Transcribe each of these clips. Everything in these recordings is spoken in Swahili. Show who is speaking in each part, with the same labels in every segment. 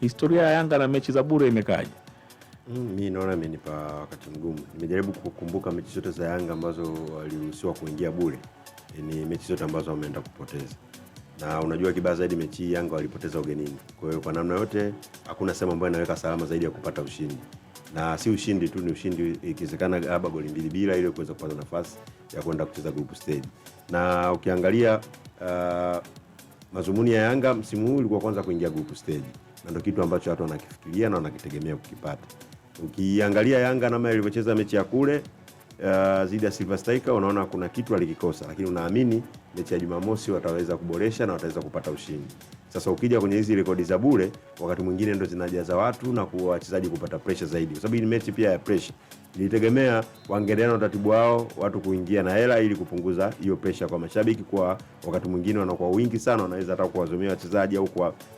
Speaker 1: Historia ya Yanga na mechi za bure imekaje?
Speaker 2: Mm, mi naona imenipa wakati mgumu. Nimejaribu kukumbuka mechi zote za Yanga ambazo waliruhusiwa kuingia bure, e, ni mechi zote ambazo wameenda kupoteza, na unajua kibaya zaidi mechi hii Yanga walipoteza ugenini. Kwa hiyo kwa namna yote hakuna sehemu ambayo inaweka salama zaidi ya kupata ushindi, na si ushindi tu, ni ushindi ikiwezekana labda goli mbili bila, ili kuweza kupata nafasi ya kwenda kucheza group stage. Na ukiangalia uh, mazumuni ya Yanga msimu huu ulikuwa kwanza kuingia group stage na ndio kitu ambacho watu wanakifikiria na wanakitegemea kukipata. Ukiangalia Yanga namna ilivyocheza mechi ya kule Uh, zidi ya Silver Strikers unaona kuna kitu alikikosa, lakini unaamini mechi ya Jumamosi wataweza kuboresha na wataweza kupata ushindi. Sasa ukija kwenye hizi rekodi za bure, wakati mwingine ndo zinajaza watu na kuwa wachezaji kupata presha zaidi, kwa sababu ni mechi pia ya presha. Nilitegemea wangeendelea na utaratibu wao, watu kuingia na hela ili kupunguza hiyo presha kwa mashabiki, kwa wakati mwingine wanakuwa wingi sana, wanaweza hata kuwazomea wachezaji au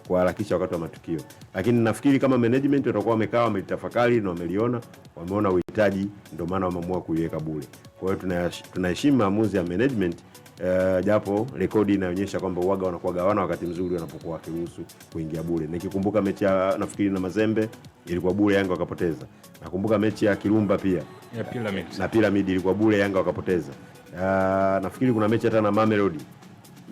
Speaker 2: kuwaharakisha wakati wa matukio. Lakini nafikiri kama management watakuwa wamekaa, wamelitafakari na wameliona, wameona uhitaji, ndio maana wameamua kuiweka bure. Kwa hiyo tunaheshimu maamuzi ya management uh, japo rekodi inaonyesha kwamba uwaga wanakuwa gawana wakati mzuri wanapokuwa wakiruhusu kuingia bure. Nikikumbuka mechi ya nafikiri na Mazembe ilikuwa bure, Yanga wakapoteza. Nakumbuka mechi ya Kirumba pia ya Pyramid na Pyramid ilikuwa bure, Yanga wakapoteza. Uh, nafikiri kuna mechi hata na Mamelodi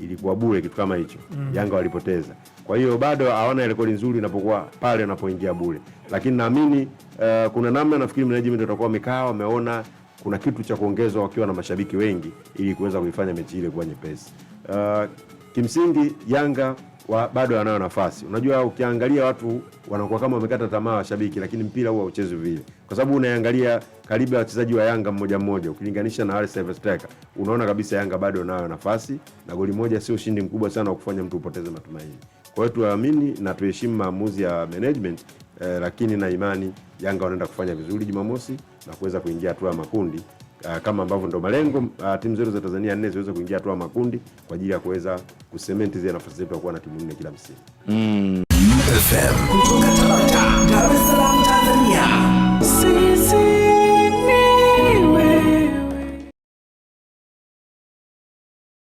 Speaker 2: ilikuwa bure, kitu kama hicho mm. Yanga walipoteza. Kwa hiyo bado hawana rekodi nzuri inapokuwa pale wanapoingia bure, lakini naamini uh, kuna namna, nafikiri management watakuwa wamekaa wameona kuna kitu cha kuongezwa wakiwa na mashabiki wengi ili kuweza kuifanya mechi ile kuwa nyepesi. Uh, kimsingi Yanga wa, bado anayo nafasi. Unajua, ukiangalia watu wanakuwa kama wamekata tamaa washabiki, lakini mpira huwa uchezi vile, kwa sababu unaangalia karibu ya wachezaji wa Yanga mmoja mmoja, ukilinganisha na Arsene Wenger, unaona kabisa Yanga bado anayo nafasi, na goli moja sio ushindi mkubwa sana wa kufanya mtu upoteze matumaini. Kwa hiyo tuamini na tuheshimu maamuzi ya management eh, lakini na imani Yanga wanaenda kufanya vizuri Jumamosi na kuweza kuingia hatua ya makundi ah, kama ambavyo ndo malengo ah, timu zetu za Tanzania nne ziweze kuingia hatua ya makundi kwa ajili ya kuweza kusementi zile nafasi zetu ya kuwa na timu nne kila msimu mm.